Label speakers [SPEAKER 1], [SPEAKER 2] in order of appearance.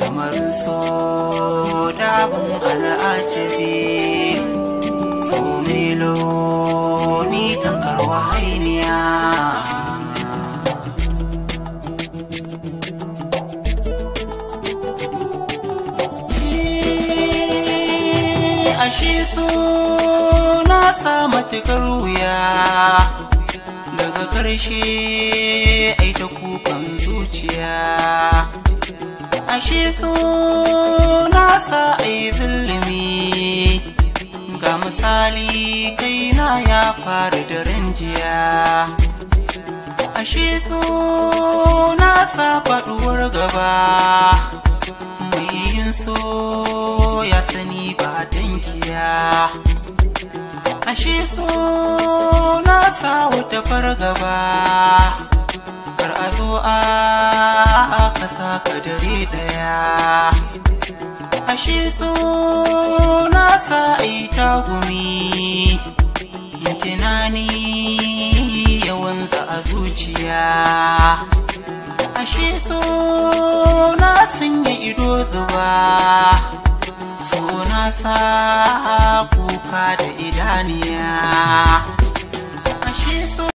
[SPEAKER 1] lamarin so da abin al'ajabi so melo ni tankar wahainiya
[SPEAKER 2] ashe so na sa matukar wuya Karshe ai ta kukan zuciya ashe na nasa ai zulumi ga misali kaina ya faru da ranjiya ashe na sa faɗuwar gaba mai yin so ya sani ba dankiya ashe so sa wuta fargaba kar a zo a kasa kadari daya ashe na sa ita gumi yin tunani yawan za a zuciya ashe na sun yi ido zuba so na sa kuka da idaniya